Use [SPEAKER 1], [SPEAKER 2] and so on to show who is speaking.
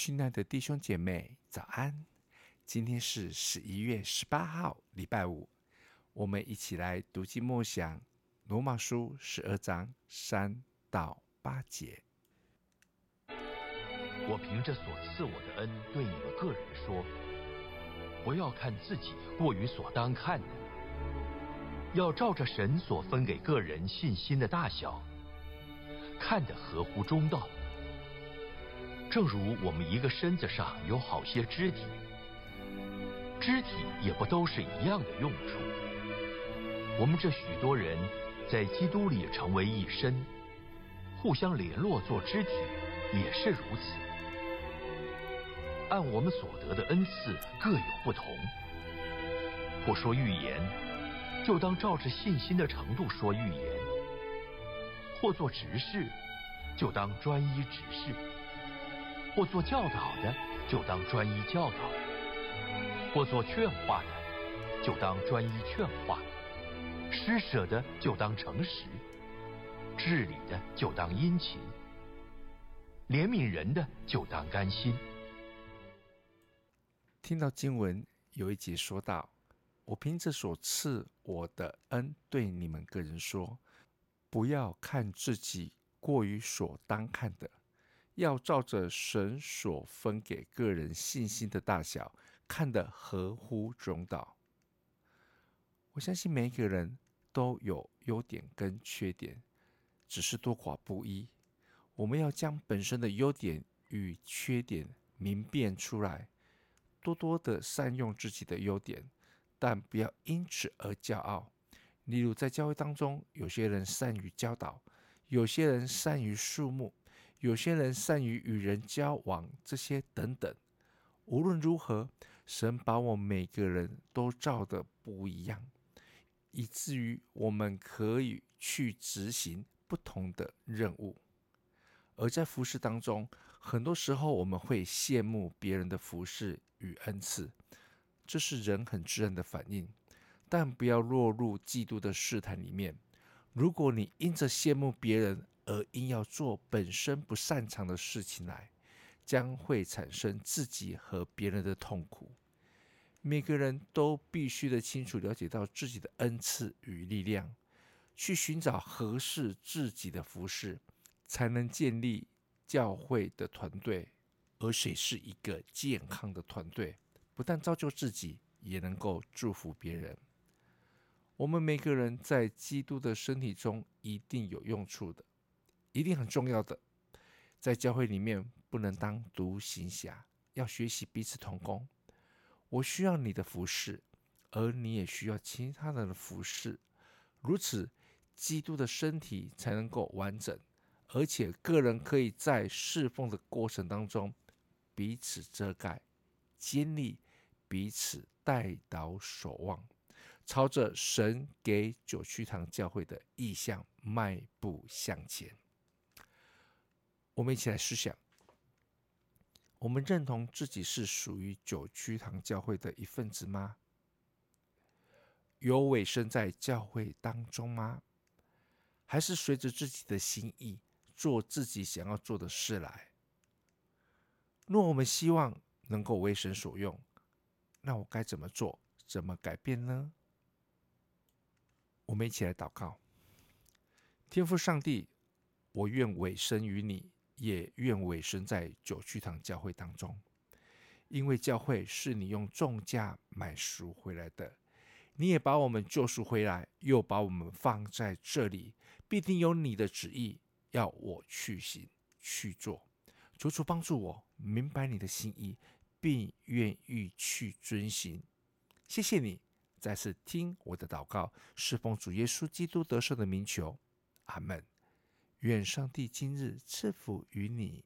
[SPEAKER 1] 親愛的弟兄姐妹，早安！今天是十一月十八號，禮拜五，我們一起來讀經默想羅馬書十二章三到八節。我
[SPEAKER 2] 憑着所賜我的恩，對你們各人說，不要看自己過於所當看的，要照着神所分給各人信心的大小，看得合乎中道。正如我們一個身子上有好些肢體，肢體也不都是一樣的用處。我們這許多人，在基督裡成為一身，互相聯絡做肢體，也是如此。按我們所得的恩賜各有不同，或說預言，就當照着信心的程度說預言；或做執事，就當專一執事。或作教導的，就當專一教導；或作勸化的，就當專一勸化；施捨的，就當誠實；治理的，就當殷勤；憐憫人的，就
[SPEAKER 1] 當甘心。聽到經文有一節說道，我憑着所賜我的恩對你們各人說，不要看自己過於所當看的。”要照着神所分給各人信心的大小，看得合乎中道。我相信每一個人都有優點跟缺點，只是多寡不一。我們要將本身的優點與缺點明辨出來，多多的善用自己的優點，但不要因此而驕傲。例如在教會當中，有些人善於教導，有些人善於樹木。有些人善於與人交往，這些等等。無論如何，神把我們每個人都造得不一樣，以至於我們可以去執行不同的任務。而在服侍當中，很多時候我們會羨慕別人的服侍與恩賜，這是人很自然的反應。但不要落入嫉妒的試探裡面。如果你因着羨慕別人，而硬要做本身不擅長的事情來，將會產生自己和別人的痛苦。每個人都必須得清楚了解到自己的恩賜與力量，去尋找合適自己的服事，才能建立教會的團隊，而且是一個健康的團隊，不但造就自己，也能夠祝福別人。我們每個人在基督的身體中一定有用處的。一定很重要的，在教會裡面不能當獨行俠，要學習彼此同工。我需要你的服侍，而你也需要其他人的服侍，如此，基督的身體才能夠完整，而且個人可以在侍奉的過程當中彼此遮蓋、經歷彼此代禱守望，朝着神給九曲堂教會的意向邁步向前。我們一起來思想：我們認同自己是屬於九曲堂教會的一份子嗎？有委身在教會當中嗎？還是隨着自己的心意做自己想要做的事來？若我們希望能夠為神所用，那我該怎麼做？怎麼改變呢？我們一起來禱告：天父上帝，我願委身於你。也願委身在九曲堂教會當中，因為教會是你用重價買贖回來的，你也把我們救贖回來，又把我們放在這裡，必定有你的旨意要我去行去做。求主幫助我明白你的心意，並願意去遵行。謝謝你再次聽我的禱告，侍奉主耶穌基督得勝的名求，阿門。願上帝今日賜福於你。